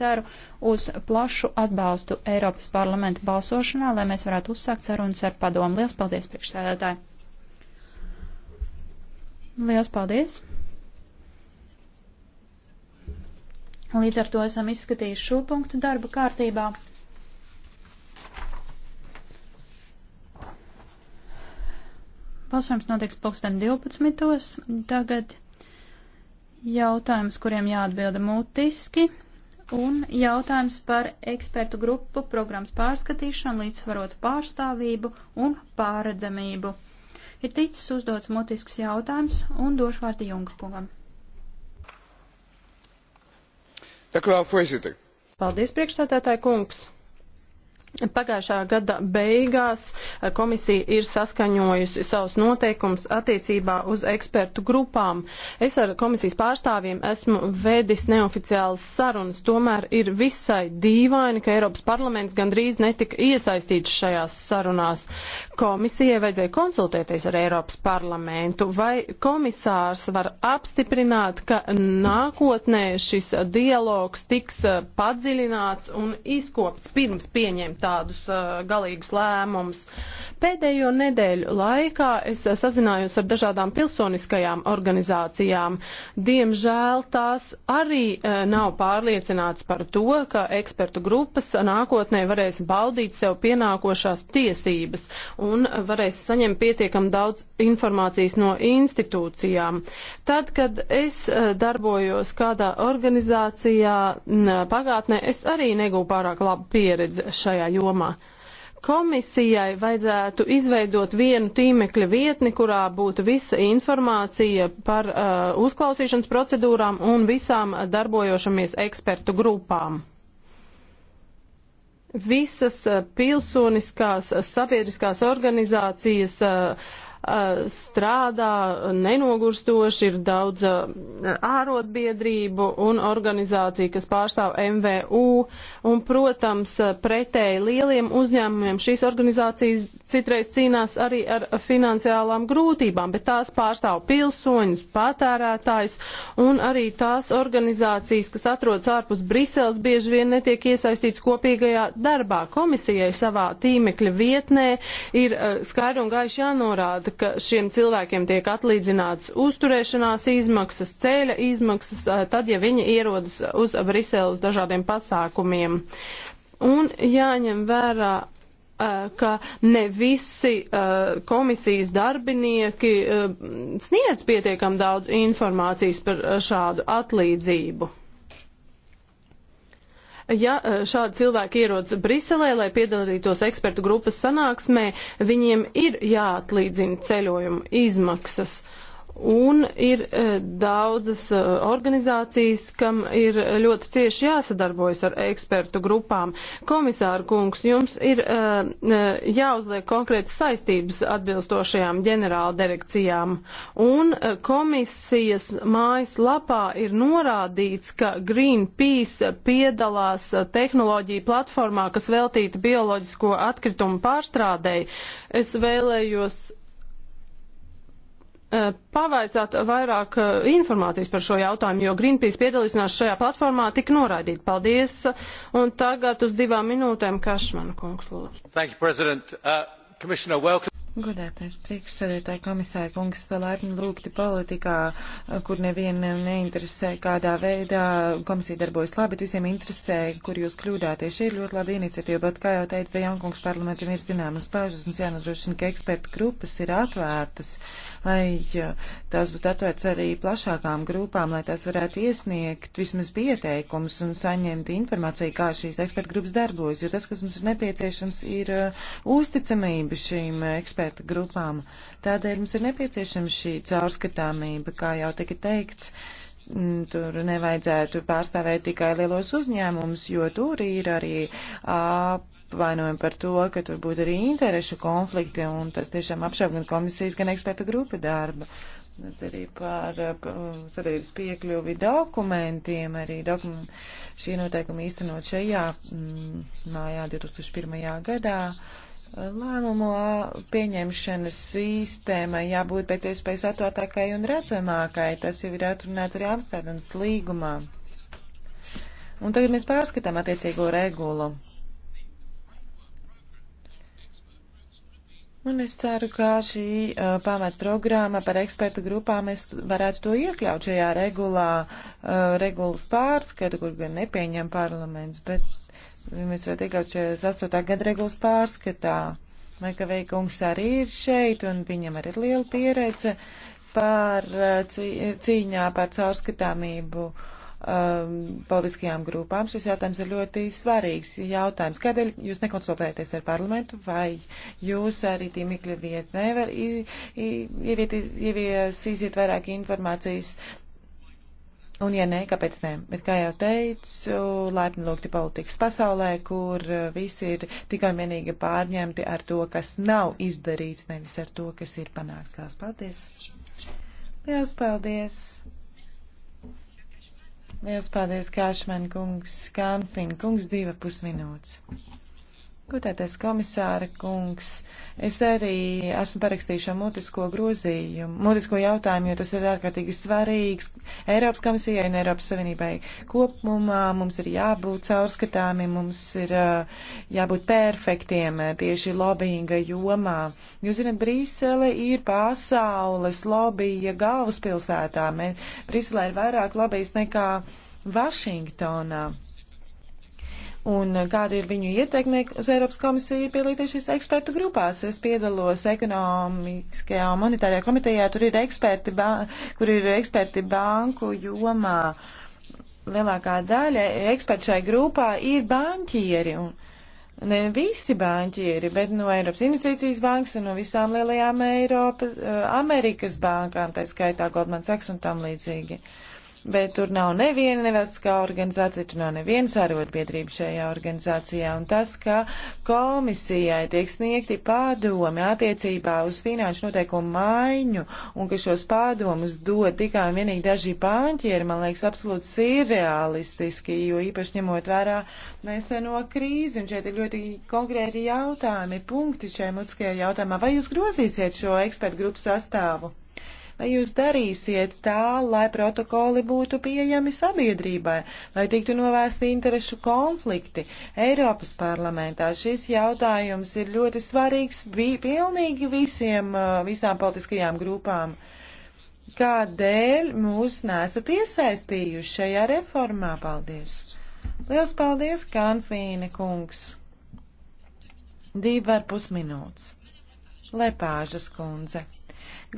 ceru uz plašu atbalstu Eiropas parlamenta balsošanā, lai mēs varētu uzsākt sarunas ar padomu. Lielas paldies, priekšsēdētāji! Lielas paldies! Līdz ar to esam izskatījuši šo punktu darba kārtībā. Balsojums notiks pulksten 12. Tagad jautājums, kuriem jāatbilda mutiski un jautājums par ekspertu grupu programmas pārskatīšanu, līdzsvarotu pārstāvību un pāredzamību. Ir ticis uzdots motisks jautājums un došu vārdu Jungkungam. Paldies, priekšstādātāji kungs! Pagājušā gada beigās eh, komisija ir saskaņojusi savus noteikumus attiecībā uz ekspertu grupām. Es ar komisijas pārstāvjiem esmu vedis neoficiālas sarunas, tomēr ir visai dīvaini, ka Eiropas parlaments gandrīz netika iesaistīts šajās sarunās. Komisijai vajadzēja konsultēties ar Eiropas parlamentu, vai komisārs var apstiprināt, ka nākotnē šis dialogs tiks eh, padziļināts un izkopts pirms pieņemt tādus uh, galīgus lēmumus. Pēdējo nedēļu laikā es sazinājos ar dažādām pilsoniskajām organizācijām. Diemžēl tās arī uh, nav pārliecināts par to, ka ekspertu grupas nākotnē varēs baudīt sev pienākošās tiesības un varēs saņemt pietiekam daudz informācijas no institūcijām. Tad, kad es darbojos kādā organizācijā pagātnē, es arī negūju pārāk labu pieredzi šajā jomā. Komisijai vajadzētu izveidot vienu tīmekļa vietni, kurā būtu visa informācija par uh, uzklausīšanas procedūrām un visām darbojošamies ekspertu grupām visas uh, pilsoniskās sabiedriskās organizācijas uh, strādā nenogurstoši, ir daudz ārotbiedrību un organizāciju, kas pārstāv MVU, un, protams, pretēji lieliem uzņēmumiem šīs organizācijas citreiz cīnās arī ar finansiālām grūtībām, bet tās pārstāv pilsoņus, patērētājus un arī tās organizācijas, kas atrodas ārpus Briseles, bieži vien netiek iesaistīts kopīgajā darbā. Komisijai savā tīmekļa vietnē ir eh, skaidri un gaiši jānorāda, ka šiem cilvēkiem tiek atlīdzināts uzturēšanās izmaksas, ceļa izmaksas, eh, tad, ja viņi ierodas uz Briseles dažādiem pasākumiem. Un jāņem vērā ka ne visi komisijas darbinieki sniedz pietiekam daudz informācijas par šādu atlīdzību ja šādi cilvēki ierodas Briselē, lai piedalītos ekspertu grupas sanāksmē, viņiem ir jāatlīdzina ceļojuma izmaksas. Uh, Un ir e, daudzas e, organizācijas, kam ir ļoti cieši jāsadarbojas ar ekspertu grupām. Komisāra kungs, jums ir e, jāuzliek konkrētas saistības atbilstošajām ģenerāla direkcijām. Un komisijas mājas lapā ir norādīts, ka Greenpeace piedalās tehnoloģiju platformā, kas veltīta bioloģisko atkritumu pārstrādēji. Es vēlējos Eh, pavaicāt vairāk eh, informācijas par šo jautājumu, jo Greenpeace piedalīšanās šajā platformā tika noraidīta. Paldies, un tagad uz divām minūtēm Kašmana kungs lūdzu. Thank you, President. Uh, Commissioner, welcome. Godētais priekšsēdētāji komisāri kungs laipni lūgti politikā, kur nevienam neinteresē, kādā veidā komisija darbojas labi, bet visiem interesē, kur jūs kļūdāties. Šī ir ļoti laba iniciatīva, bet, kā jau teica Dejankungs, parlamentam ir zināmas spēžas, mums jānodrošina, ka ekspertu grupas ir atvērtas, lai tās būtu atvērtas arī plašākām grupām, lai tās varētu iesniegt vismaz pieteikumus un saņemt informāciju, kā šīs ekspertu grupas darbojas, jo tas, kas mums ir nepieciešams, ir uh, uzticamība šīm ekspertu eksperta grupām. Tādēļ mums ir nepieciešama šī caurskatāmība, kā jau tika teikts. Mm, tur nevajadzētu pārstāvēt tikai lielos uzņēmumus, jo tur ir arī apvainojumi par to, ka tur būtu arī interešu konflikti, un tas tiešām apšauba gan komisijas, gan eksperta grupa darba arī par sabiedrības piekļuvi dokumentiem, arī dokum šī noteikuma īstenot šajā mm, mājā 2001. gadā. Lēmumu pieņemšanas sistēmai jābūt pēc iespējas atvērtākai un redzamākai. Tas jau ir atrunāts arī Amsterdams līgumā. Un tagad mēs pārskatām attiecīgo regulu. Un es ceru, ka šī uh, pamatprogramma par ekspertu grupām mēs varētu to iekļaut šajā regulā, uh, regulas pārskatu, kur gan nepieņem parlaments, bet Mēs varētu iekļaut 48. gada regulas pārskatā. Mekavēkungs arī ir šeit, un viņam arī ir liela pieredze par uh, cīņā par caurskatāmību um, politiskajām grupām. Šis jautājums ir ļoti svarīgs jautājums. Kādēļ jūs nekonsultējaties ar parlamentu, vai jūs arī tīmekļa vietnē var ieviesīsiet vairāk informācijas Un, ja nē, kāpēc nē? Bet, kā jau teicu, laipni lūgti politikas pasaulē, kur uh, visi ir tikai un vienīgi pārņemti ar to, kas nav izdarīts, nevis ar to, kas ir panāks. Lielas paldies! Lielas paldies! Lielas paldies, Kāšman kungs, Kanfin kungs, diva pusminūtes. Gudētais komisāra kungs, es arī esmu parakstījušā mutisko grozījumu, mutisko jautājumu, jo tas ir ārkārtīgi svarīgs Eiropas komisijai un Eiropas Savienībai kopumā. Mums ir jābūt caurskatāmi, mums ir jābūt perfektiem tieši lobbyinga jomā. Jūs zināt, Brīsele ir pasaules lobbyja galvaspilsētā. Brīselē ir vairāk lobbyis nekā Vašingtonā un kāda ir viņu ieteikme uz Eiropas komisiju pielīties ekspertu grupās. Es piedalos ekonomiskajā un monetārajā komitejā, tur ir eksperti, kur ir eksperti banku jomā. Lielākā daļa ekspertu šai grupā ir banķieri. Un, Ne visi banķieri, bet no Eiropas investīcijas bankas un no visām lielajām Eiropas, eh, Amerikas bankām, tā skaitā Goldman Sachs un tam līdzīgi. Uh, bet tur nav neviena nevalstiskā organizācija, tur nav nevienas arotbiedrība šajā organizācijā, un tas, ka komisijai tiek sniegti pārdomi attiecībā uz finanšu noteikumu maiņu, un ka šos pārdomus dod tikai un vienīgi daži pāņķieri, man liekas, absolūti sirrealistiski, jo īpaši ņemot vērā neseno krīzi, un šeit ir ļoti konkrēti jautājumi, punkti šajā mutiskajā jautājumā. Vai jūs grozīsiet šo ekspertu grupu sastāvu? Vai jūs darīsiet tā, lai protokoli būtu pieejami sabiedrībai, lai tiktu novērsti interešu konflikti Eiropas parlamentā? Šis jautājums ir ļoti svarīgs bija pilnīgi visiem, uh, visām politiskajām grupām. Kādēļ mūs nesat iesaistījuši šajā reformā? Paldies! Liels paldies, Kanfīne kungs! Divi ar pus minūtes. Lepāžas kundze.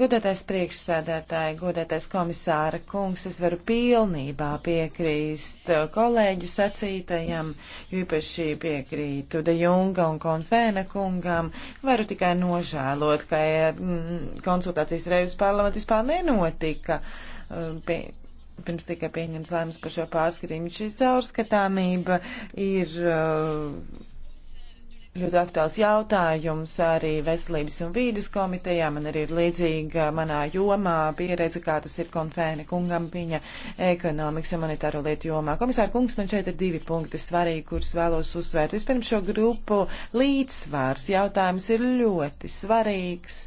Godētais priekšsēdētāji, godētais komisāra kungs, es varu pilnībā piekrīst kolēģu sacītajam, īpaši piekrītu De Junga un Konfēna kungam. Varu tikai nožēlot, ka mm, konsultācijas reizes parlamentu vispār nenotika. Mm, pie, pirms tika pieņems lēmums par šo pārskatījumu. Šī caurskatāmība ir. Uh, ļoti aktuāls jautājums arī veselības un vīdes komitejā. Man arī ir līdzīga manā jomā pieredze, kā tas ir konfēna kungam viņa ekonomikas un monetāro lietu jomā. Komisāra kungs, man šeit ir divi punkti svarīgi, kurus vēlos uzsvērt. Vispirms šo grupu līdzsvārs jautājums ir ļoti svarīgs,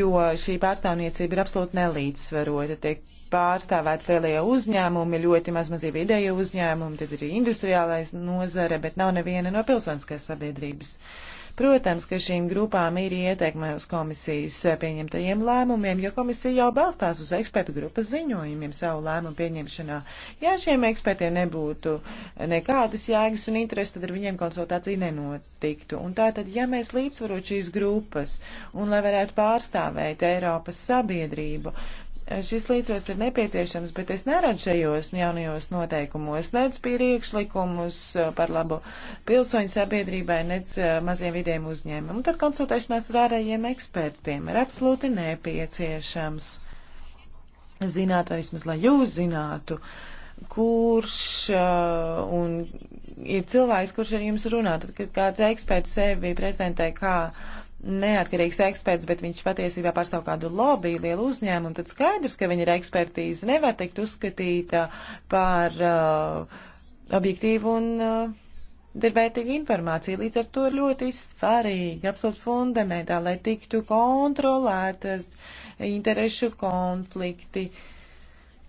jo šī pārstāvniecība ir absolūti nelīdzsvarota. Tiek pārstāvēts lielie uzņēmumi, ļoti mazmazība ideja uzņēmumi, tad ir industriālais nozare, bet nav neviena no pilsoniskās sabiedrības. Protams, ka šīm grupām ir ieteikme uz komisijas pieņemtajiem lēmumiem, jo komisija jau balstās uz ekspertu grupas ziņojumiem savu lēmumu pieņemšanā. Ja šiem ekspertiem nebūtu nekādas jēgas un intereses, tad ar viņiem konsultācija nenotiktu. Un tātad, ja mēs līdzsvarot šīs grupas un lai varētu pārstāvēt Eiropas sabiedrību, šis līdzsvars ir nepieciešams, bet es neredzu šajos jaunajos noteikumos nec priekšlikumus eh, par labu pilsoņu sabiedrībai, nec eh, maziem vidiem uzņēmumiem. Un tad konsultēšanās ar ārējiem ekspertiem ir absolūti nepieciešams. Zināt, vai vismaz, lai jūs zinātu, kurš uh, un ir cilvēks, kurš ar jums runā, tad, kad kāds eksperts sevi prezentē kā neatkarīgs eksperts, bet viņš patiesībā pārstāv kādu lobby, lielu uzņēmumu, tad skaidrs, ka viņa ekspertīze nevar tikt uzskatīta par uh, objektīvu un uh, dervērtīgu informāciju. Līdz ar to ir ļoti svarīgi, absolūti fundamentāli, lai tiktu kontrolētas interešu konflikti.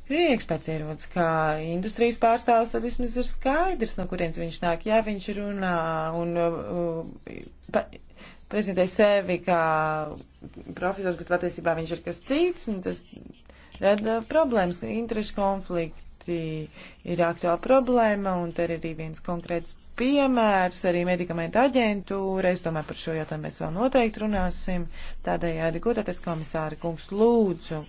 Ja eksperts ierodas kā industrijas pārstāvs, tad vismaz ir skaidrs, no kurienes viņš nāk. Jā, viņš runā un uh, pa, prezentē sevi kā profesors, bet patiesībā viņš ir kas cits, un tas rada problēmas, interešu konflikti ir aktuāla problēma, un te ir arī viens konkrēts piemērs, arī medikamentu aģentūra, es domāju, par šo jautājumu mēs vēl noteikti runāsim, tādējādi, ko tātad komisāri kungs lūdzu,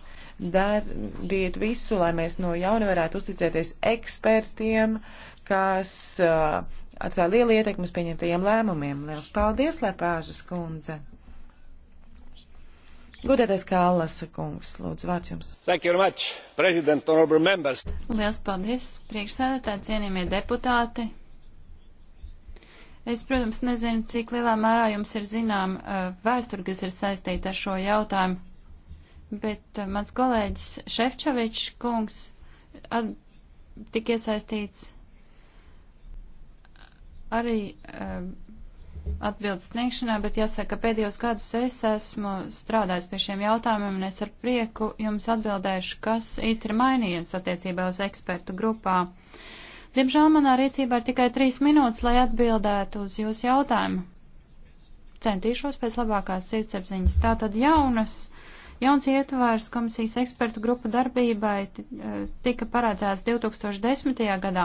dariet visu, lai mēs no jauna varētu uzticēties ekspertiem, kas uh, atstāja lielu ietekmi uz pieņemtajiem lēmumiem. Liels paldies, Lepāžas kundze! Godētais Kālas kungs, lūdzu, vārds jums. Thank you very much, President, honorable members. Liels paldies, priekšsēdētāji, cienījamie deputāti. Es, protams, nezinu, cik lielā mērā jums ir zinām vēsturi, kas ir saistīta ar šo jautājumu, bet mans kolēģis Šefčovičs kungs at, tik iesaistīts arī um, atbildes sniegšanā, bet jāsaka, ka pēdējos gadus es esmu strādājis pie šiem jautājumiem, un es ar prieku jums atbildēšu, kas īsti ir mainījies attiecībā uz ekspertu grupā. Diemžēl manā rīcībā ir tikai trīs minūtes, lai atbildētu uz jūsu jautājumu. Centīšos pēc labākās sirdsapziņas. Tātad jaunas Jauns ietvars komisijas ekspertu grupu darbībai e, tika paredzēts 2010. gadā,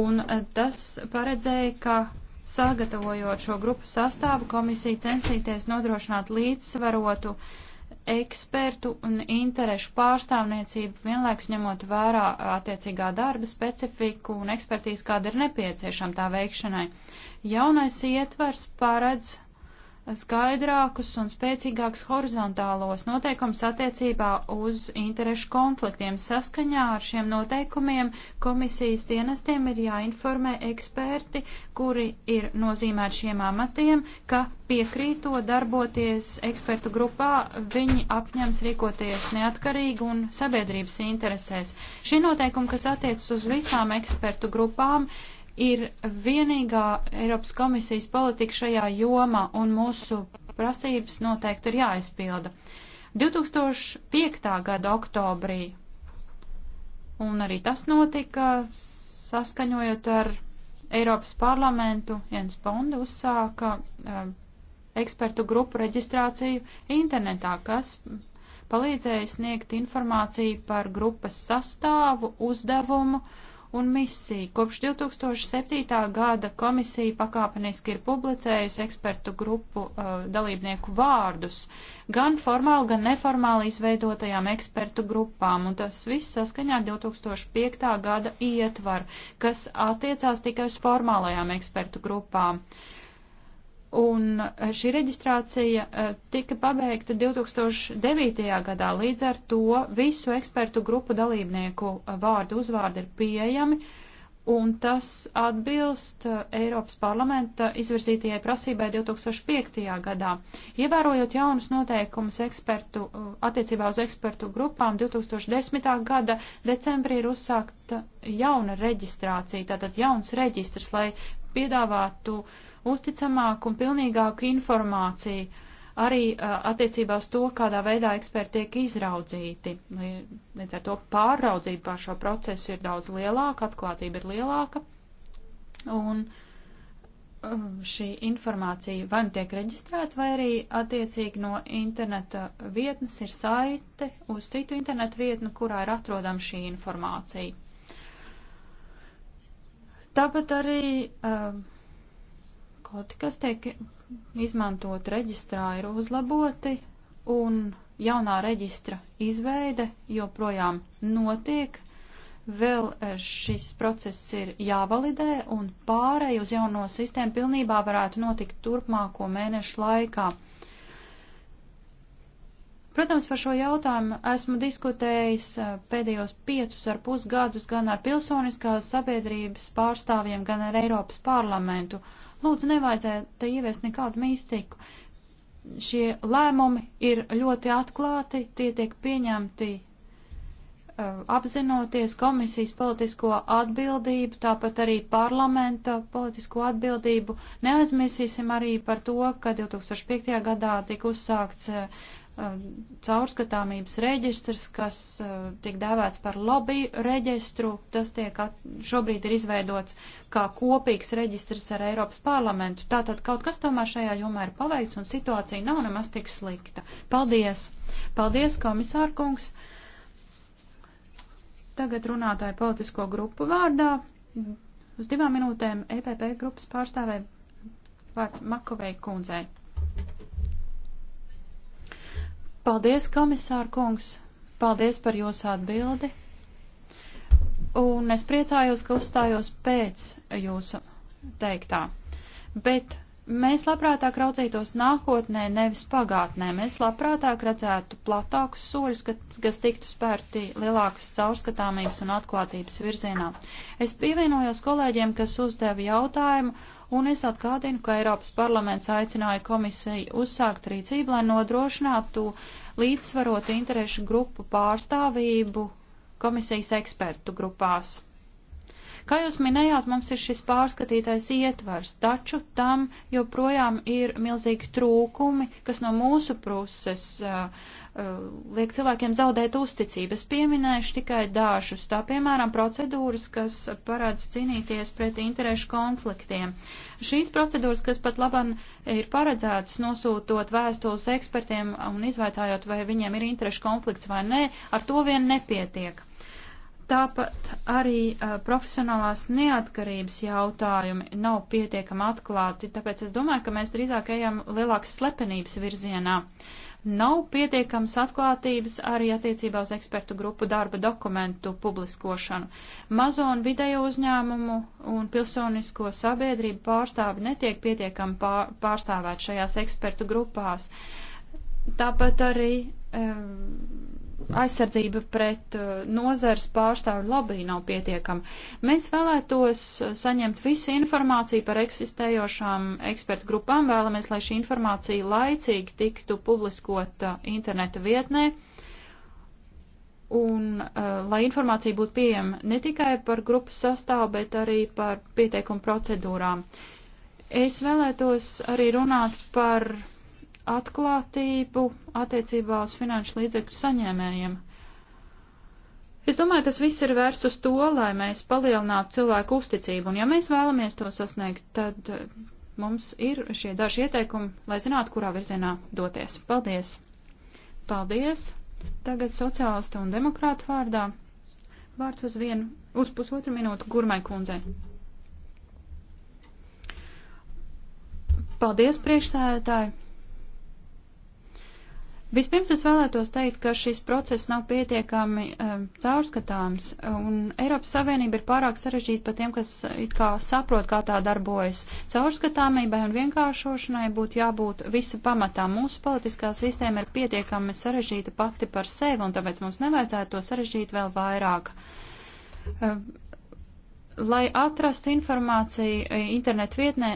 un e, tas paredzēja, ka sagatavojot šo grupu sastāvu, komisija censīties nodrošināt līdzsvarotu ekspertu un interešu pārstāvniecību, vienlaikus ņemot vērā attiecīgā darba specifiku un ekspertīzi, kāda ir nepieciešama tā veikšanai. Jaunais ietvers paredz skaidrākus un spēcīgākus horizontālos noteikumus attiecībā uz interešu konfliktiem. Saskaņā ar šiem noteikumiem komisijas dienestiem ir jāinformē eksperti, kuri ir nozīmēti šiem amatiem, ka piekrīto darboties ekspertu grupā, viņi apņems rīkoties neatkarīgi un sabiedrības interesēs. Šie noteikumi, kas attiecas uz visām ekspertu grupām, uh, ir vienīgā Eiropas komisijas politika šajā jomā, un mūsu prasības noteikti ir jāizpilda. 2005. gada oktobrī, un arī tas notika saskaņojot ar Eiropas parlamentu, Jens Bonda uzsāka um, ekspertu grupu reģistrāciju internetā, kas palīdzēja sniegt informāciju par grupas sastāvu, uzdevumu, uh, un misiju. Kopš 2007. gada komisija pakāpeniski ir publicējusi ekspertu grupu uh, dalībnieku vārdus, gan formāli, gan neformāli izveidotajām ekspertu grupām, un tas viss saskaņā 2005. gada ietvaru, kas attiecās tikai uz formālajām ekspertu grupām. Uh, Un eh, šī reģistrācija uh, tika pabeigta 2009. gadā, līdz ar to visu ekspertu grupu dalībnieku uh, vārdu uzvārdi ir pieejami, un tas atbilst uh, Eiropas parlamenta izvirzītajai prasībai 2005. gadā. Ievērojot jaunus noteikumus ekspertu, attiecībā uz ekspertu grupām, 2010. gada decembrī ir uzsākta jauna reģistrācija, tātad jauns reģistrs, lai piedāvātu uh, uzticamāku un pilnīgāku informāciju arī uh, attiecībā uz to, kādā veidā eksperti tiek izraudzīti. Līdz ar to pārraudzība pār šo procesu ir daudz lielāka, atklātība ir lielāka. Un uh, šī informācija vai nu tiek reģistrēta, vai arī attiecīgi no interneta vietnes ir saite uz citu internetu vietnu, kurā ir atrodama šī informācija. Tāpat arī uh, narkoti, kas tiek izmantot reģistrā, ir uzlaboti, un jaunā reģistra izveide joprojām notiek. Vēl eh, šis process ir jāvalidē, un pārēj uz jauno sistēmu pilnībā varētu notikt turpmāko mēnešu laikā. Protams, par šo jautājumu esmu diskutējis eh, pēdējos piecus ar pusgadus gan ar pilsoniskās sabiedrības pārstāvjiem, gan ar Eiropas parlamentu. Uh, Lūdzu, nevajadzētu ieviest nekādu mīstiku. Šie lēmumi ir ļoti atklāti, tie tiek pieņemti uh, apzinoties komisijas politisko atbildību, tāpat arī parlamenta politisko atbildību. Neaizmirsīsim arī par to, ka 2005. gadā tika uzsākts uh, Um, caurskatāmības reģistrs, kas uh, tiek dēvēts par lobby reģistru. Tas tiek at, šobrīd ir izveidots kā kopīgs reģistrs ar Eiropas parlamentu. Tātad kaut kas tomēr šajā jomā ir paveikts un situācija nav nemaz tik slikta. Paldies! Paldies, komisārkungs! Tagad runātāju politisko grupu vārdā. Uz divām minūtēm EPP grupas pārstāvē vārds Makovei kundzei. Paldies, komisāra kungs! Paldies par jūsu atbildi! Un es priecājos, ka uzstājos pēc jūsu teiktā. Bet Mēs labprātāk raucītos nākotnē, nevis pagātnē. Mēs labprātāk redzētu platākus soļus, kas tiktu spērti lielākas caurskatāmības un atklātības virzienā. Es pievienojos kolēģiem, kas uzdeva jautājumu, un es atgādinu, ka Eiropas parlaments aicināja komisiju uzsākt rīcību, lai nodrošinātu līdzsvarotu interešu grupu pārstāvību komisijas ekspertu grupās. Kā jūs minējāt, mums ir šis pārskatītais ietvars, taču tam joprojām ir milzīgi trūkumi, kas no mūsu puses uh, uh, liek cilvēkiem zaudēt uzticību. Es pieminēšu tikai dažus, tā piemēram procedūras, kas parāds cīnīties pret interešu konfliktiem. Šīs procedūras, kas pat laban ir paredzētas nosūtot vēstules ekspertiem un izvaicājot, vai viņiem ir interešu konflikts vai nē, ar to vien nepietiek. Tāpat arī uh, profesionālās neatkarības jautājumi nav pietiekami atklāti, tāpēc es domāju, ka mēs drīzāk ejam lielākas slepenības virzienā. Nav pietiekams atklātības arī attiecībā uz ekspertu grupu darba dokumentu publiskošanu. Mazo un vidējo uzņēmumu un pilsonisko sabiedrību pārstāvi netiek pietiekami pār, pārstāvēt šajās ekspertu grupās. Tāpat arī. Um, aizsardzība pret uh, nozars pārstāvju lobby nav pietiekama. Mēs vēlētos uh, saņemt visu informāciju par eksistējošām ekspertu grupām, vēlamies, lai šī informācija laicīgi tiktu publiskota uh, interneta vietnē. Un, uh, lai informācija būtu pieejama ne tikai par grupas sastāvu, bet arī par pieteikumu procedūrām. Es vēlētos arī runāt par atklātību attiecībā uz finanšu līdzekļu saņēmējiem. Es domāju, tas viss ir vērsts uz to, lai mēs palielinātu cilvēku uzticību, un ja mēs vēlamies to sasniegt, tad eh, mums ir šie daži ieteikumi, lai zinātu, kurā virzienā doties. Paldies! Paldies! Tagad sociālistu un demokrātu vārdā vārds uz vienu, uz pusotru minūtu gurmai kundzei. Paldies, priekšsēdētāji! Vispirms es vēlētos teikt, ka šis process nav pietiekami um, caurskatāms, un Eiropas Savienība ir pārāk sarežģīta pat tiem, kas it kā saprot, kā tā darbojas. Caurskatāmībai un vienkāršošanai būtu jābūt visa pamatā. Mūsu politiskā sistēma ir pietiekami sarežģīta pati par sevi, un tāpēc mums nevajadzētu to sarežģīt vēl vairāk. Um, Lai atrastu informāciju e, internetu vietnē,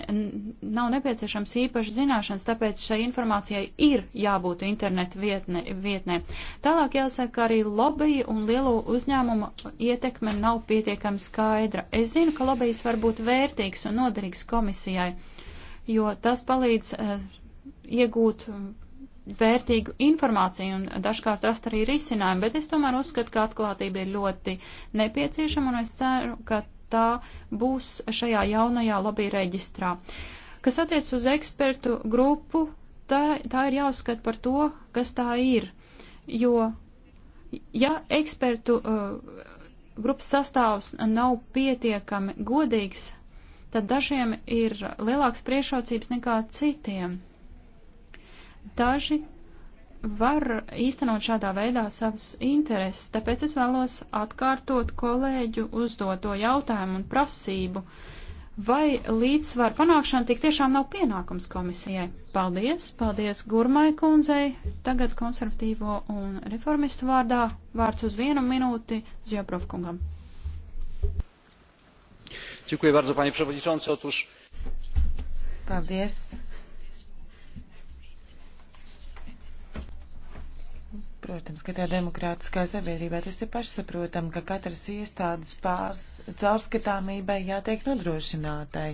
nav nepieciešams īpaši zināšanas, tāpēc šai informācijai ir jābūt internetu vietnē. vietnē. Tālāk jāsaka, ka arī lobby un lielo uzņēmumu ietekme nav pietiekami skaidra. Es zinu, ka lobbyis var būt vērtīgs un noderīgs komisijai, jo tas palīdz uh, iegūt vērtīgu informāciju un dažkārt rast arī risinājumu, bet es tomēr uzskatu, ka atklātība ir ļoti nepieciešama un es ceru, ka tā būs šajā jaunajā lobby reģistrā. Kas attiec uz ekspertu grupu, tā, tā ir jāuzskata par to, kas tā ir. Jo, ja ekspertu uh, grupas sastāvs nav pietiekami godīgs, tad dažiem ir lielāks priešrocības nekā citiem. Daži var īstenot šādā veidā savas intereses, tāpēc es vēlos atkārtot kolēģu uzdoto jautājumu un prasību, vai līdzsvaru panākšana tik tiešām nav pienākums komisijai. Paldies, paldies Gurmai kundzei, tagad konservatīvo un reformistu vārdā vārds uz vienu minūti Zjobrov kungam. Dziękuję bardzo, panie przewodniczący. Otóż... Paldies, Protams, ka tajā demokrātiskā sabiedrībā tas ir pašsaprotam, ka katras iestādes pārs caurskatāmībai jātiek nodrošinātai.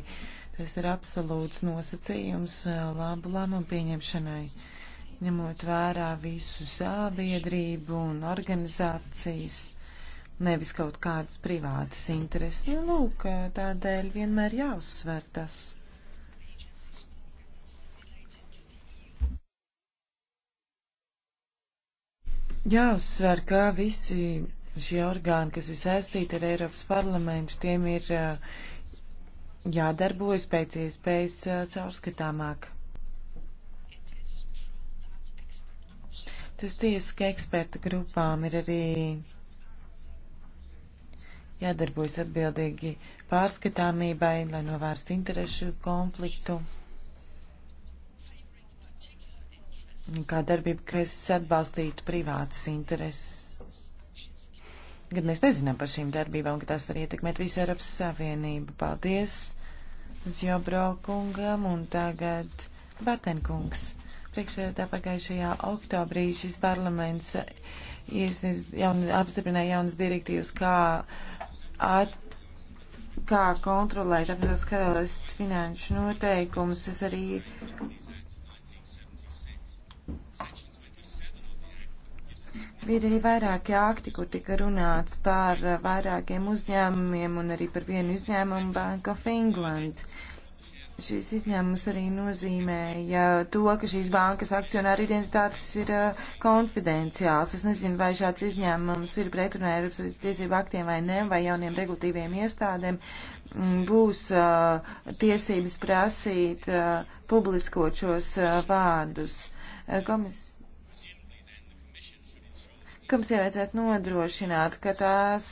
Tas ir absolūts nosacījums eh, labu lēmumu pieņemšanai, ņemot vērā visu sabiedrību un organizācijas, nevis kaut kādas privātas intereses. Nu, lūk, eh, tādēļ vienmēr jāuzsver tas. Jāuzsver, ka visi šie orgāni, kas ir saistīti ar Eiropas parlamentu, tiem ir uh, jādarbojas pēc iespējas uh, caurskatāmāk. Tas tiesa, ka eksperta grupām ir arī jādarbojas atbildīgi pārskatāmībai, lai novērstu interešu konfliktu. kā darbība, kas atbalstītu privātas intereses. Kad mēs nezinām par šīm darbībām, ka tās var ietekmēt visu Eiropas Savienību. Paldies Zjobro kungam un tagad Batenkungs. Priekšsēdā pagājušajā oktobrī šis parlaments iesniedz jaun, apstiprināja jaunas direktīvas, kā, at, kā kontrolēt apvienotās karalists finanšu noteikumus. Es arī Ir arī vairāki akti, kur tika runāts par vairākiem uzņēmumiem un arī par vienu izņēmumu Bank of England. Šīs izņēmums arī nozīmēja to, ka šīs bankas akcionāra identitātes ir uh, konfidenciāls. Es nezinu, vai šāds izņēmums ir pretrunā Eiropas tiesību aktiem vai ne, vai jauniem regulatīviem iestādēm mm, būs uh, tiesības prasīt uh, publiskot šos vārdus. Komisija likums ievajadzētu nodrošināt, ka tās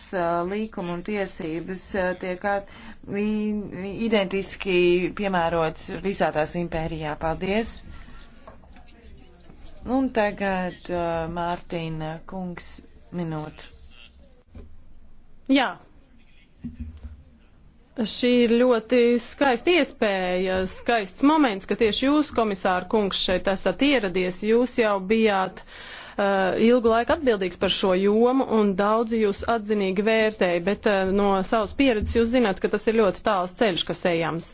līkuma un tiesības tiek identiski piemērots visā tās impērijā. Paldies! Un tagad Mārtiņa kungs minūte. Jā. Šī ir ļoti skaista iespēja, skaists moments, ka tieši jūs, komisāra kungs, šeit esat ieradies. Jūs jau bijāt uh, ilgu laiku atbildīgs par šo jomu un daudzi jūs atzinīgi vērtēja, bet uh, no savas pieredzes jūs zināt, ka tas ir ļoti tāls ceļš, kas ejams.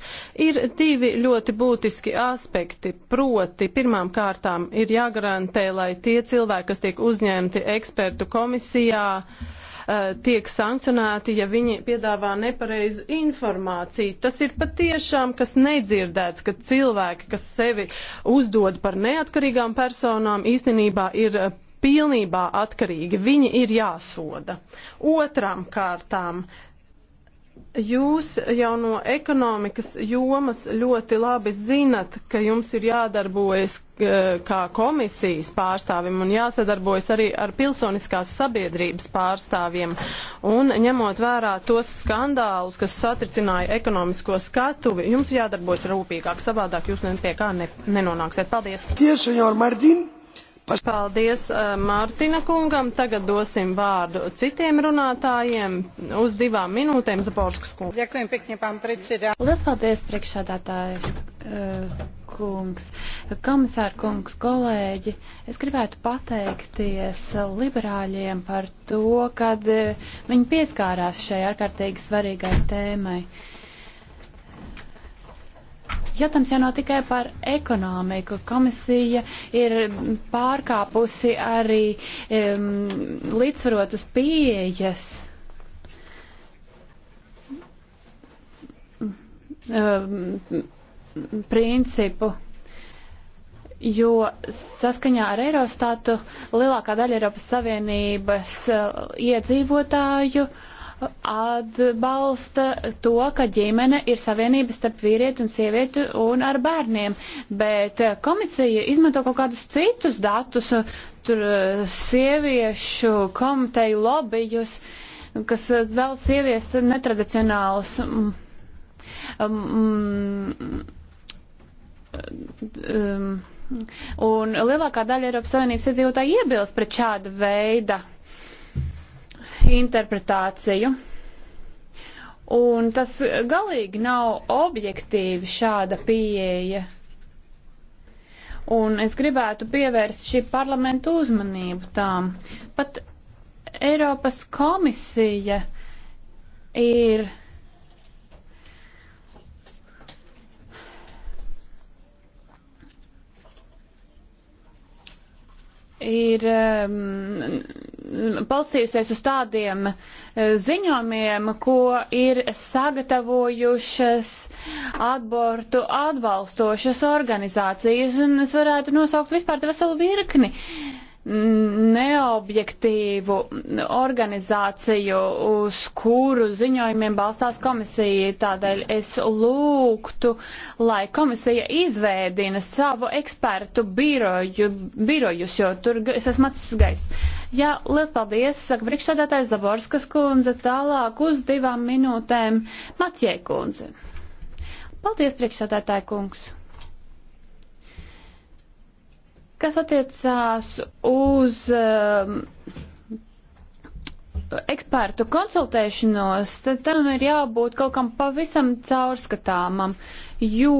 Ir divi ļoti būtiski aspekti, proti pirmām kārtām ir jāgarantē, lai tie cilvēki, kas tiek uzņemti ekspertu komisijā, uh, Eh, tiek sankcionēti, ja viņi piedāvā nepareizu informāciju. Tas ir patiešām kas nedzirdēts, ka cilvēki, kas sevi uzdod par neatkarīgām personām, īstenībā ir eh, pilnībā atkarīgi. Viņi ir jāsoda. Otram kārtām Jūs jau no ekonomikas jomas ļoti labi zinat, ka jums ir jādarbojas eh, kā komisijas pārstāvim un jāsadarbojas arī ar pilsoniskās sabiedrības pārstāvjiem. Un ņemot vērā tos skandālus, kas satricināja ekonomisko skatuvi, jums jādarbojas rūpīgāk, savādāk jūs pie kā ne, nenonāksiet. Paldies! Tieši, Paldies uh, Mārtina kungam. Tagad dosim vārdu citiem runātājiem uz divām minūtēm Zaborskas kungu. Ďakujem pekne, pán predsedā. Lielas paldies, priekšsādātājs uh, kungs, komisār kungs, kolēģi. Es gribētu pateikties liberāļiem par to, kad uh, viņi pieskārās šai ārkārtīgi svarīgai tēmai. Uh, Jautājums jau nav tikai par ekonomiku. Komisija ir pārkāpusi arī um, līdzsvarotas pieejas. Um, principu, jo saskaņā ar Eirostatu lielākā daļa Eiropas Savienības uh, iedzīvotāju uh, atbalsta to, ka ģimene ir savienība starp vīrieti un sievieti un ar bērniem, bet komisija izmanto kaut kādus citus datus, tur eh, sieviešu komiteju lobbyjus, kas eh, vēl sievies netradicionāls. Um, mm, um, mm, um, mm, un lielākā daļa Eiropas Savienības iedzīvotāji iebilst pret šādu veidu interpretāciju. Un tas galīgi nav objektīvi šāda pieeja. Un es gribētu pievērst šī parlamentu uzmanību tām. Pat Eiropas komisija ir ir um, balstījusies uz tādiem uh, ziņojumiem, ko ir sagatavojušas abortu atbalstošas organizācijas, un es varētu nosaukt vispār veselu virkni uh, neobjektīvu organizāciju, uz kuru ziņojumiem balstās komisija. Tādēļ es lūgtu, lai komisija izvēdina savu ekspertu biroju, birojus, jo tur es esmu acis gaiss. Jā, liels paldies, saka priekšsēdētājs Zaborskas kundze, tālāk uz divām minūtēm Matjē kundze. Paldies, priekšsēdētāja kungs. Kas attiecās uz um, ekspertu konsultēšanos, tad tam ir jābūt kaut kam pavisam caurskatāmam, jo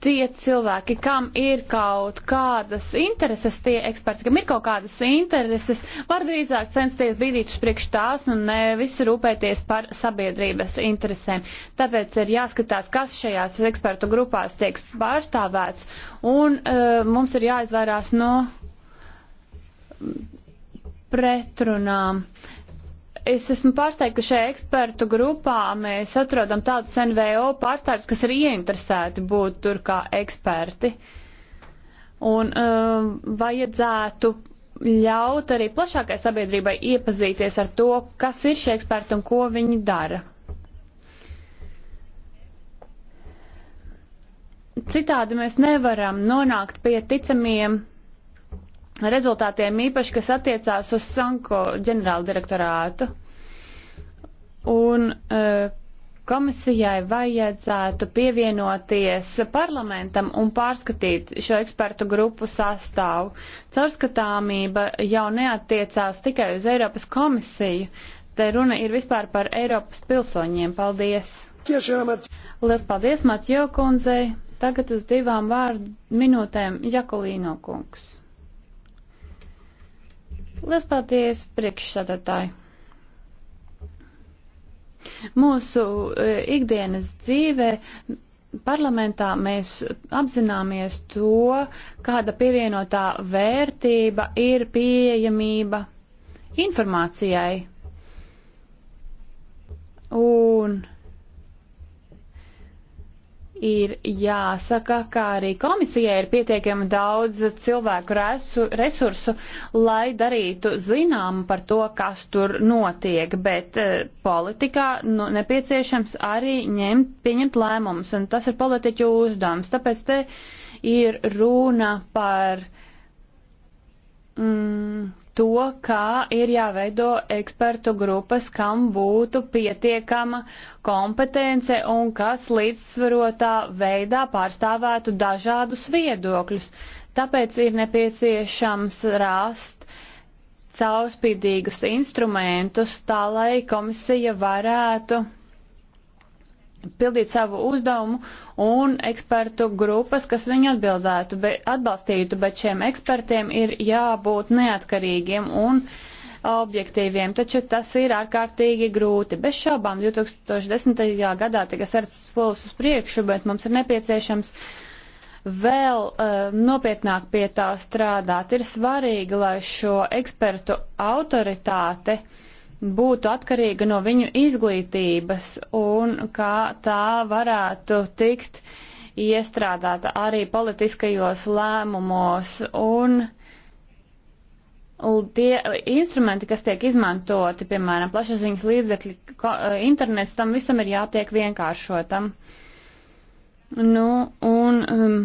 tie cilvēki, kam ir kaut kādas intereses, tie eksperti, kam ir kaut kādas intereses, var drīzāk censties bīdīt uz priekš tās un nevis rūpēties par sabiedrības interesēm. Tāpēc ir jāskatās, kas šajās ekspertu grupās tiek pārstāvēts, un uh, mums ir jāizvairās no pretrunām. Uh, es esmu pārsteigta, ka šajā ekspertu grupā mēs atrodam tādus NVO pārstāvjus, kas ir ieinteresēti būt tur kā eksperti. Un um, vajadzētu ļaut arī plašākai sabiedrībai iepazīties ar to, kas ir šie eksperti un ko viņi dara. Citādi mēs nevaram nonākt pie ticamiem rezultātiem īpaši, kas attiecās uz Sanko ģenerāla direktorātu. Un uh, komisijai vajadzētu pievienoties parlamentam un pārskatīt šo ekspertu grupu sastāvu. Caurskatāmība jau neatiecās tikai uz Eiropas komisiju. Te runa ir vispār par Eiropas pilsoņiem. Paldies! Lielas paldies, Matjo kundzei! Tagad uz divām vārdu minūtēm Jakolīno kungs. Lielas paldies, priekšsādātāji! Mūsu e, ikdienas dzīvē parlamentā mēs apzināmies to, kāda pievienotā vērtība ir pieejamība informācijai. Un ir jāsaka, ka arī komisijai ir pietiekami daudz cilvēku resu, resursu, lai darītu zinām par to, kas tur notiek, bet eh, politikā nu, nepieciešams arī ņemt, pieņemt lēmumus, un tas ir politiķu uzdevums. Tāpēc te ir runa par. Mm, to, kā ir jāveido ekspertu grupas, kam būtu pietiekama kompetence un kas līdzsvarotā veidā pārstāvētu dažādus viedokļus. Tāpēc ir nepieciešams rast caurspīdīgus instrumentus tā, lai komisija varētu pildīt savu uzdevumu un ekspertu grupas, kas viņu atbildētu, be, atbalstītu, bet šiem ekspertiem ir jābūt neatkarīgiem un objektīviem, taču tas ir ārkārtīgi grūti. Bez šaubām 2010. gadā tika sarts solis uz priekšu, bet mums ir nepieciešams vēl uh, nopietnāk pie tā strādāt. Ir svarīgi, lai šo ekspertu autoritāte uh, būtu atkarīga no viņu izglītības un kā tā varētu tikt iestrādāta arī politiskajos lēmumos un tie instrumenti, kas tiek izmantoti, piemēram, plašsaziņas līdzekļi, e, internets, tam visam ir jātiek vienkāršotam. Nu, un um,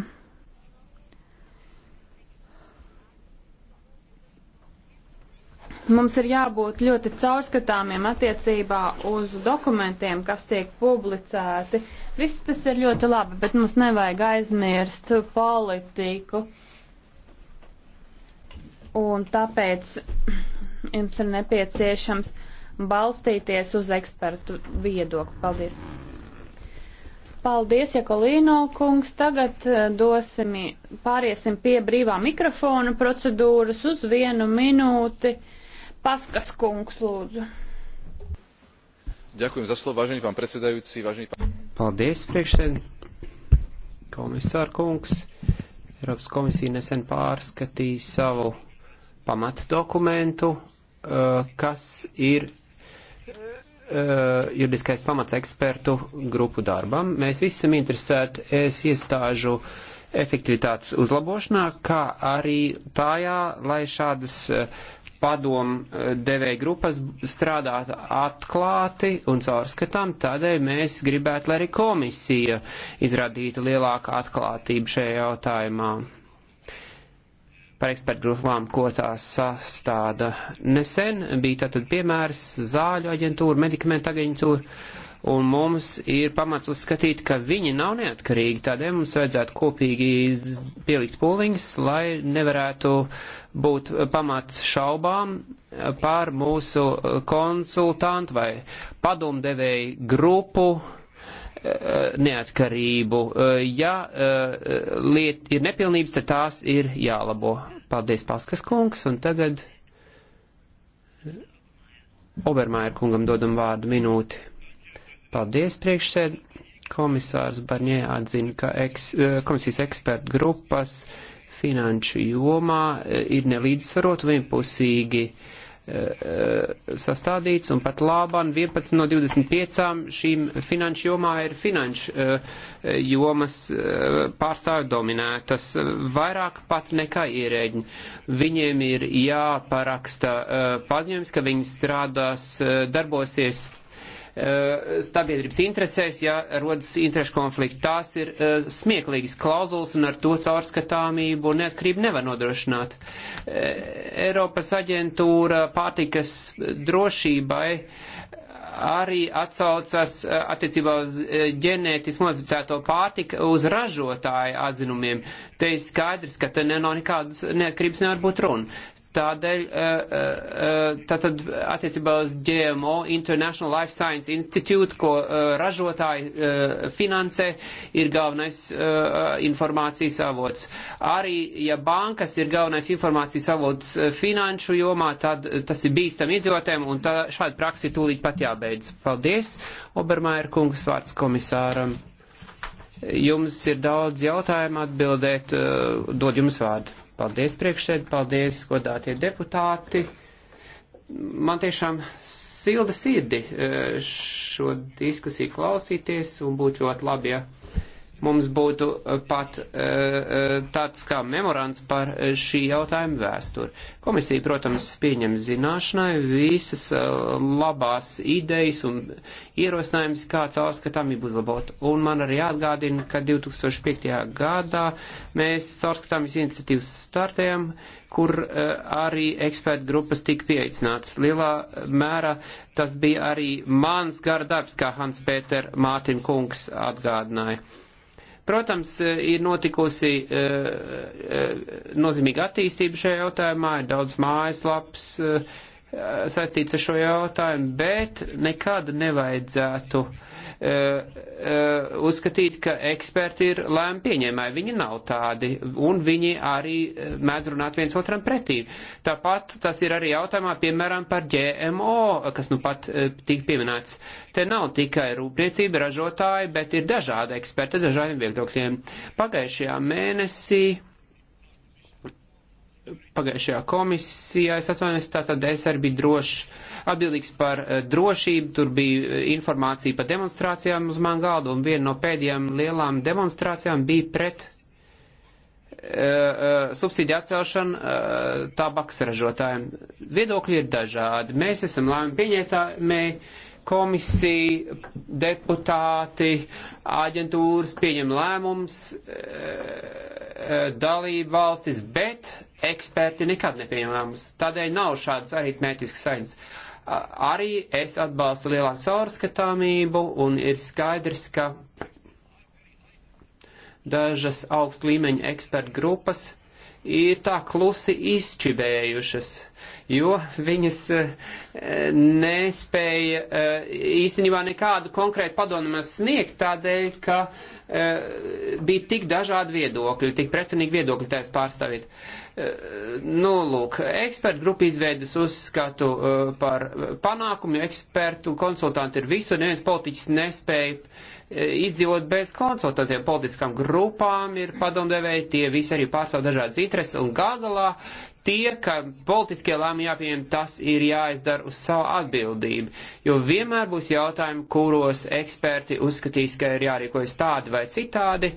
Mums ir jābūt ļoti caurskatāmiem attiecībā uz dokumentiem, kas tiek publicēti. Viss tas ir ļoti labi, bet mums nevajag aizmirst politiku. Un tāpēc jums ir nepieciešams balstīties uz ekspertu viedokli. Paldies! Paldies, Jakolīno kungs. Tagad eh, dosim, pāriesim pie brīvā mikrofona procedūras uz vienu minūti. Paskas kungs, lūdzu. Ďakujem za slovo, vážený pán predsedajúci, vážený pán... Paldies, priekšsēd. Komisār kungs, Eiropas komisija nesen pārskatīja savu pamatu dokumentu, eh, kas ir eh, juridiskais pamats ekspertu grupu darbam. Mēs visi esam interesēti es iestāžu efektivitātes uzlabošanā, kā arī tājā, lai šādas eh, padomu eh, devēja grupas strādāt atklāti un caurskatām, tādēļ mēs gribētu, lai arī komisija izradītu lielāku atklātību šajā jautājumā par ekspertu grupām, ko tās sastāda. Nesen bija tātad piemērs zāļu aģentūra, medikamentu aģentūra un mums ir pamats uzskatīt, ka viņi nav neatkarīgi, tādēļ mums vajadzētu kopīgi pielikt pūliņus, lai nevarētu būt pamats šaubām par mūsu konsultantu vai padomdevēju grupu eh, neatkarību. Eh, ja eh, liet ir nepilnības, tad tās ir jālabo. Paldies, Paskas kungs, un tagad Obermaier kungam dodam vārdu minūti. Paldies, priekšsēd. Komisārs Barņē atzina, ka eks, eh, komisijas ekspertu grupas finanšu jomā eh, ir nelīdzsvarot vienpusīgi eh, sastādīts, un pat lāban 11 no 25 šīm finanšu jomā ir finanšu jomas pārstāvju dominētas vairāk pat nekā ierēģi. Viņiem ir jāparaksta paziņojums, ka viņi strādās, darbosies Eh, sabiedrības interesēs, ja rodas interešu konflikti. Tās ir eh, smieklīgas klauzulas un ar to caurskatāmību un neatkarību nevar nodrošināt. Eh, Eiropas aģentūra pārtikas drošībai arī atsaucas attiecībā uz ģenētiski modificēto pārtiku uz ražotāju atzinumiem. Te ir skaidrs, ka te nav nekādas neatkarības nevar būt runa. Tādēļ, eh, eh, eh, tātad attiecībā uz GMO International Life Science Institute, ko ražotāji finansē, ir galvenais informācijas avots. Arī, ja bankas ir galvenais informācijas avots finanšu jomā, tad tas ir bīstam iedzīvotēm, un tā, šāda praksa ir tūlīt pat jābeidz. Paldies, Obermaier kungs, vārds komisāram. Jums ir daudz jautājumu atbildēt, dod jums vārdu. Paldies priekšsēd, paldies godātie deputāti. Man tiešām silda sirdi eh, šo diskusiju klausīties un būtu ļoti labi, ja Mums būtu eh, pat eh, eh, tāds kā memorands par šī jautājuma vēsturi. Komisija, protams, pieņem zināšanai visas labās idejas un ierosinājums, kā caurskatāmību uzlabot. Un man arī atgādina, ka 2005. gadā mēs caurskatāmības iniciatīvas startējam, kur uh, arī ekspertu grupas tika pieaicināts. Lielā mērā tas bija arī mans gara darbs, kā Hans Pēter Mātin kungs atgādināja. Uh, Protams, eh, ir notikusi eh, eh, nozīmīga attīstība šajā jautājumā, ir daudz mājaslaps saistīts ar šo jautājumu, bet nekad nevajadzētu uh, Eh, eh, uzskatīt, ka eksperti ir lēma pieņēmēji. Viņi nav tādi, un viņi arī eh, mēdz runāt viens otram pretī. Tāpat tas ir arī jautājumā, piemēram, par GMO, kas nu pat tika pieminēts. Te nav tikai rūpniecība, ražotāji, bet ir dažādi eksperti dažādiem viedokļiem. Pagājušajā mēnesī pagājušajā komisijā, es atvainojos, tātad es arī biju drošs atbildīgs par eh, drošību, tur bija eh, informācija par demonstrācijām uz man galdu, un viena no pēdējām lielām demonstrācijām bija pret eh, subsīdiju atcelšana tabaks ražotājiem. Viedokļi ir dažādi. Mēs esam lēmumi pieņēmēji, komisija, deputāti, aģentūras pieņem lēmums, dalība valstis, bet eksperti nekad nepieņem lēmumus. Tādēļ nav šādas aritmētiskas saites arī es atbalstu lielāku caurskatāmību un ir skaidrs, ka dažas augst līmeņa ekspertu grupas ir tā klusi izčibējušas, jo viņas e, nespēja e, īstenībā nekādu konkrētu padomu mēs sniegt tādēļ, ka e, bija tik dažādi viedokļi, tik pretrunīgi viedokļi tās pārstāvīt. Nu, lūk, ekspertu grupa izveidas uzskatu par panākumu, jo ekspertu konsultanti ir visu, neviens politiķis nespēja E, izdzīvot bez konsultantiem politiskām grupām, ir padomdevēji, tie visi arī pārstāv dažādas intereses, un gagalā tie, ka politiskie lēmumi jāpieņem, tas ir jāizdara uz savu atbildību, jo vienmēr būs jautājumi, kuros eksperti uzskatīs, ka ir jārīkojas tādi vai citādi,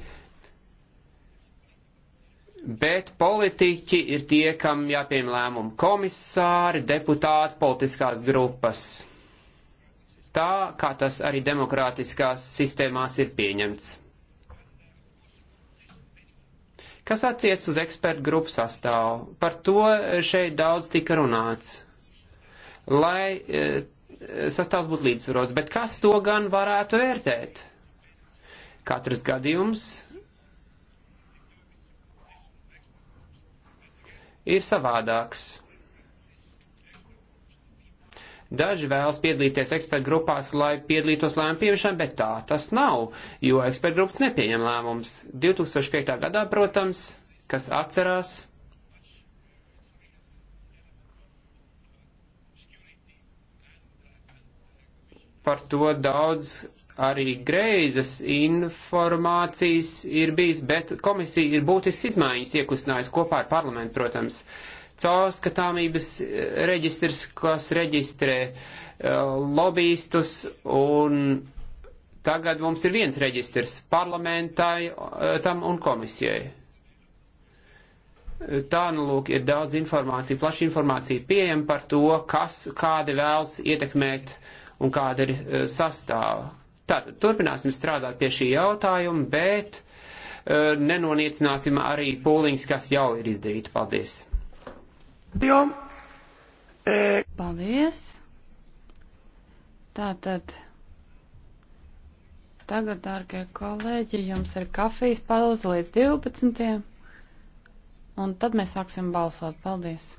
bet politiķi ir tie, kam jāpieņem lēmumu komisāri, deputāti, politiskās grupas tā, kā tas arī demokrātiskās sistēmās ir pieņemts. Kas attiec uz ekspertu grupu sastāvu? Par to šeit daudz tika runāts. Lai e, sastāvs būtu līdzsvarots, bet kas to gan varētu vērtēt? Katrs gadījums ir savādāks. Daži vēlas piedalīties ekspertu grupās, lai piedalītos lēmumu pieņemšanā, bet tā tas nav, jo ekspertu grupas nepieņem lēmums. 2005. gadā, protams, kas atcerās, par to daudz arī greizes informācijas ir bijis, bet komisija ir būtisks izmaiņas iekustinājusi kopā ar parlamentu, protams. Uh, caurskatāmības reģistrs, kas reģistrē e, lobbyistus, un tagad mums ir viens reģistrs parlamentai e, tam un komisijai. E, tā nu lūk, ir daudz informācija, plaša informācija pieejama par to, kas, kādi vēlas ietekmēt un kāda ir sastāva. Tātad turpināsim strādāt pie šī jautājuma, bet uh, nenoniecināsim arī pūliņus, kas jau ir izdarīti. Paldies! Paldies! Tātad tagad, dārgie kolēģi, jums ir kafijas pauze līdz 12. Un tad mēs sāksim balsot. Paldies!